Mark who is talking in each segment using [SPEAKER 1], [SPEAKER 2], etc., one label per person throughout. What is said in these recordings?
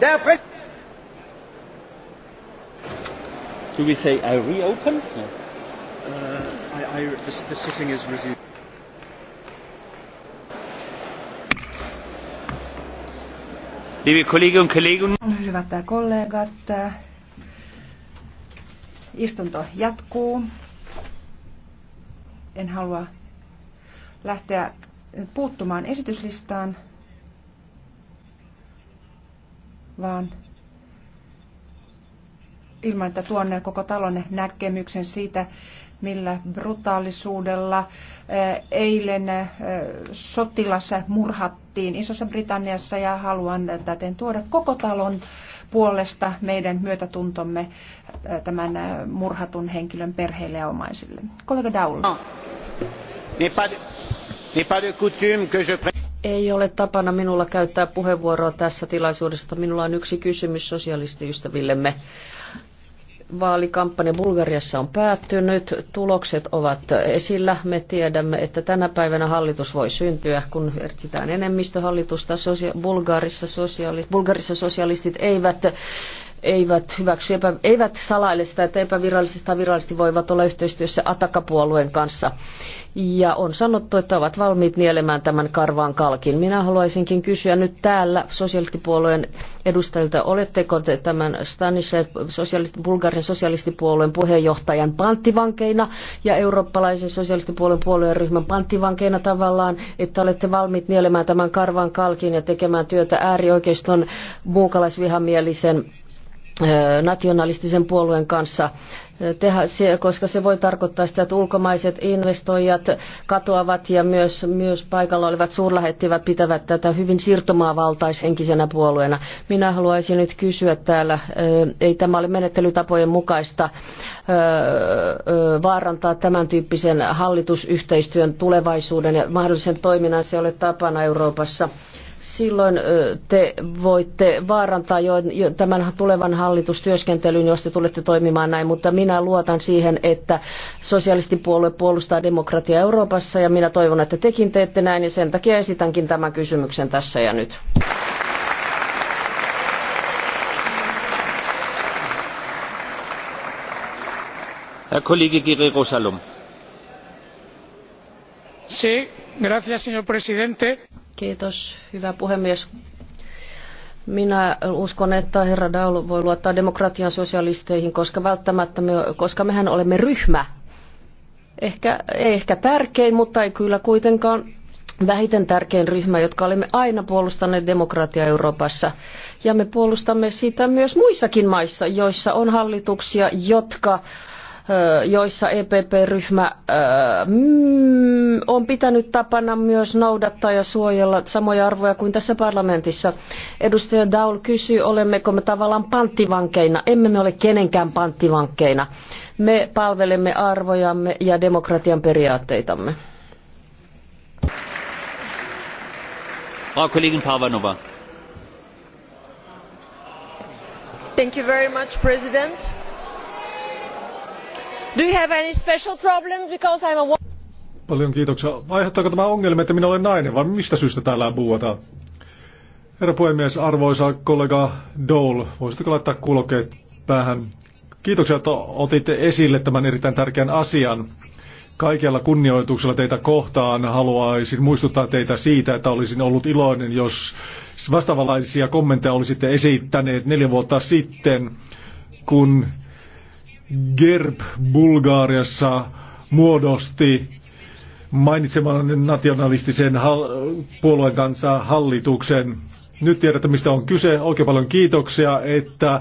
[SPEAKER 1] D'après. Do we say I reopen? No. Uh,
[SPEAKER 2] I, I, the, the sitting is resumed.
[SPEAKER 1] Liebe Kolleginnen und Kollegen.
[SPEAKER 2] Hyvät kollegat, istunto jatkuu. En halua lähteä puuttumaan esityslistaan. vaan ilman, että tuonne koko talon näkemyksen siitä, millä brutaalisuudella eh, eilen eh, sotilassa murhattiin Isossa Britanniassa ja haluan täten tuoda koko talon puolesta meidän myötätuntomme eh, tämän murhatun henkilön perheille ja omaisille. Kollega Daul. No.
[SPEAKER 3] Ei ole tapana minulla käyttää puheenvuoroa tässä tilaisuudessa. Minulla on yksi kysymys sosialistiystävillemme. Vaalikampanja Bulgariassa on päättynyt, tulokset ovat esillä. Me tiedämme, että tänä päivänä hallitus voi syntyä, kun etsitään enemmistöhallitusta. Sosia- Bulgarissa, sosiaali- Bulgarissa sosialistit eivät eivät, hyväksy, epä, eivät salaile sitä, että epävirallisesti tai virallisesti voivat olla yhteistyössä Ataka-puolueen kanssa. Ja on sanottu, että ovat valmiit nielemään tämän karvaan kalkin. Minä haluaisinkin kysyä nyt täällä sosialistipuolueen edustajilta, oletteko te tämän Stanishev, sosialisti, Bulgarian sosialistipuolueen puheenjohtajan panttivankeina ja eurooppalaisen sosialistipuolueen puolueen ryhmän panttivankeina tavallaan, että olette valmiit nielemään tämän karvaan kalkin ja tekemään työtä äärioikeiston muukalaisvihamielisen nationalistisen puolueen kanssa tehdä, koska se voi tarkoittaa sitä, että ulkomaiset investoijat katoavat ja myös, myös paikalla olevat suurlähettivät pitävät tätä hyvin siirtomaavaltaishenkisenä puolueena. Minä haluaisin nyt kysyä täällä, ei tämä ole menettelytapojen mukaista vaarantaa tämän tyyppisen hallitusyhteistyön tulevaisuuden ja mahdollisen toiminnan, se ei ole tapana Euroopassa silloin te voitte vaarantaa jo tämän tulevan hallitustyöskentelyn, jos te tulette toimimaan näin, mutta minä luotan siihen, että sosialistipuolue puolustaa demokratiaa Euroopassa ja minä toivon, että tekin teette näin ja sen takia esitänkin tämän kysymyksen tässä ja nyt.
[SPEAKER 1] Herr Kollege Guerrero Salom.
[SPEAKER 3] Sí, gracias, señor presidente. Kiitos, hyvä puhemies. Minä uskon, että herra Daul voi luottaa demokratian sosialisteihin, koska välttämättä me, koska mehän olemme ryhmä. Ehkä, ei ehkä tärkein, mutta ei kyllä kuitenkaan vähiten tärkein ryhmä, jotka olemme aina puolustaneet demokratiaa Euroopassa. Ja me puolustamme sitä myös muissakin maissa, joissa on hallituksia, jotka joissa EPP-ryhmä mm, on pitänyt tapana myös noudattaa ja suojella samoja arvoja kuin tässä parlamentissa. Edustaja Daul kysyi, olemmeko me tavallaan panttivankeina. Emme me ole kenenkään panttivankeina. Me palvelemme arvojamme ja demokratian periaatteitamme. Thank you very much, President Do you have any special problem because I'm a...
[SPEAKER 2] Paljon kiitoksia. Aiheuttaako tämä ongelma, että minä olen nainen, vai mistä syystä täällä puhutaan? Herra puhemies, arvoisa kollega Dole, voisitteko laittaa kuulokkeet päähän? Kiitoksia, että otitte esille tämän erittäin tärkeän asian. Kaikella kunnioituksella teitä kohtaan haluaisin muistuttaa teitä siitä, että olisin ollut iloinen, jos vastaavanlaisia kommentteja olisitte esittäneet neljä vuotta sitten, kun GERB Bulgaariassa muodosti mainitseman nationalistisen puolueen kanssa hallituksen. Nyt tiedätte, mistä on kyse. Oikein paljon kiitoksia, että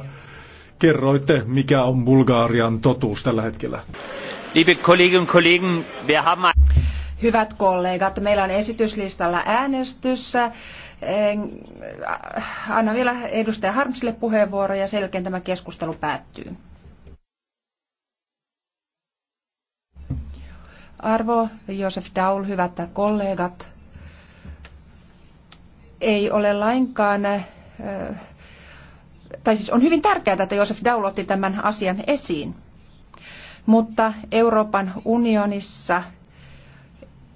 [SPEAKER 2] kerroitte, mikä on Bulgarian totuus tällä hetkellä. Hyvät kollegat, meillä on esityslistalla äänestyssä. Anna vielä edustaja Harmsille puheenvuoro ja sen jälkeen tämä keskustelu päättyy. Arvo, Josef Daul, hyvät kollegat, ei ole lainkaan, eh, tai siis on hyvin tärkeää, että Josef Daul otti tämän asian esiin. Mutta Euroopan unionissa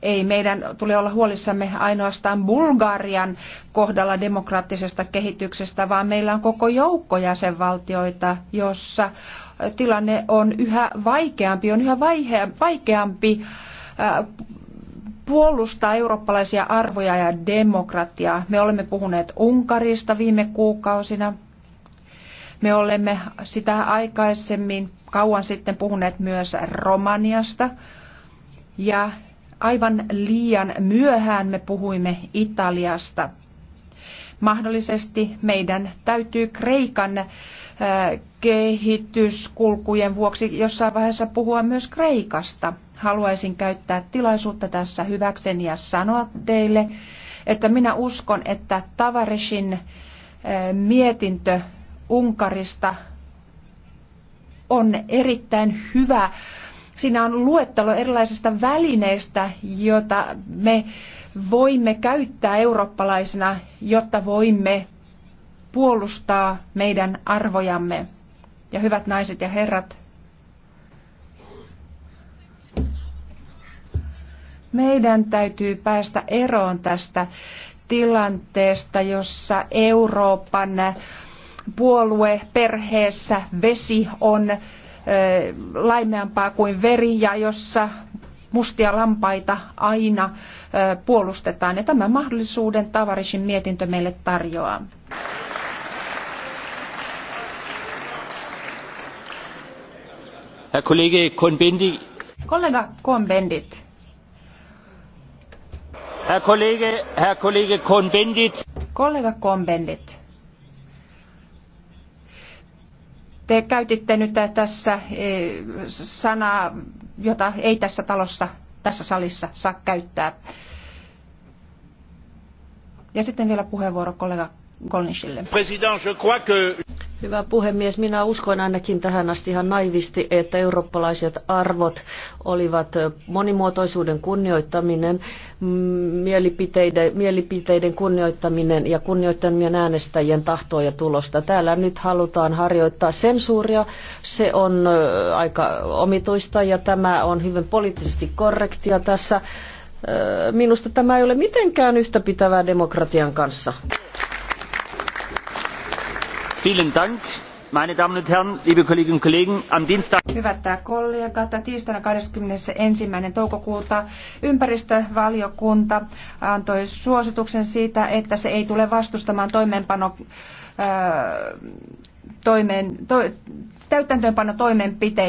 [SPEAKER 2] ei meidän tule olla huolissamme ainoastaan Bulgarian kohdalla demokraattisesta kehityksestä, vaan meillä on koko joukko jäsenvaltioita, jossa tilanne on yhä vaikeampi, on yhä vaikeampi äh, puolustaa eurooppalaisia arvoja ja demokratiaa. Me olemme puhuneet Unkarista viime kuukausina. Me olemme sitä aikaisemmin kauan sitten puhuneet myös Romaniasta. Ja aivan liian myöhään me puhuimme Italiasta. Mahdollisesti meidän täytyy Kreikan kehityskulkujen vuoksi jossain vaiheessa puhua myös Kreikasta. Haluaisin käyttää tilaisuutta tässä hyväkseni ja sanoa teille, että minä uskon, että Tavaresin mietintö Unkarista on erittäin hyvä Siinä on luettelo erilaisista välineistä, joita me voimme käyttää eurooppalaisina, jotta voimme puolustaa meidän arvojamme. Ja hyvät naiset ja herrat, meidän täytyy päästä eroon tästä tilanteesta, jossa Euroopan puolue perheessä vesi on laimeampaa kuin veri ja jossa mustia lampaita aina puolustetaan. Ja tämän mahdollisuuden Tavarisin mietintö meille tarjoaa.
[SPEAKER 1] Herr Kollege Kohn-Bendit.
[SPEAKER 2] Kollega Kohn-Bendit. Herr Kollege, Herr Kollege Kohn-Bendit. Kollega Kohn-Bendit. Te käytitte nyt tässä eh, sanaa, jota ei tässä talossa, tässä salissa saa
[SPEAKER 3] käyttää. Ja sitten vielä puheenvuoro kollega Golnishille. President, je crois que Hyvä puhemies, minä uskoin ainakin tähän asti ihan naivisti, että eurooppalaiset arvot olivat monimuotoisuuden kunnioittaminen, mm, mielipiteiden, mielipiteiden kunnioittaminen ja kunnioittaminen äänestäjien tahtoa ja tulosta. Täällä nyt halutaan harjoittaa sensuuria, se on aika omituista ja tämä on hyvin poliittisesti korrektia tässä. Minusta tämä ei ole mitenkään yhtäpitävää demokratian kanssa.
[SPEAKER 2] Hyvät kollegat, tiistaina kaksikymmentäyksi toukokuuta ympäristövaliokunta antoi suosituksen siitä, että se ei tule vastustamaan toimeenpano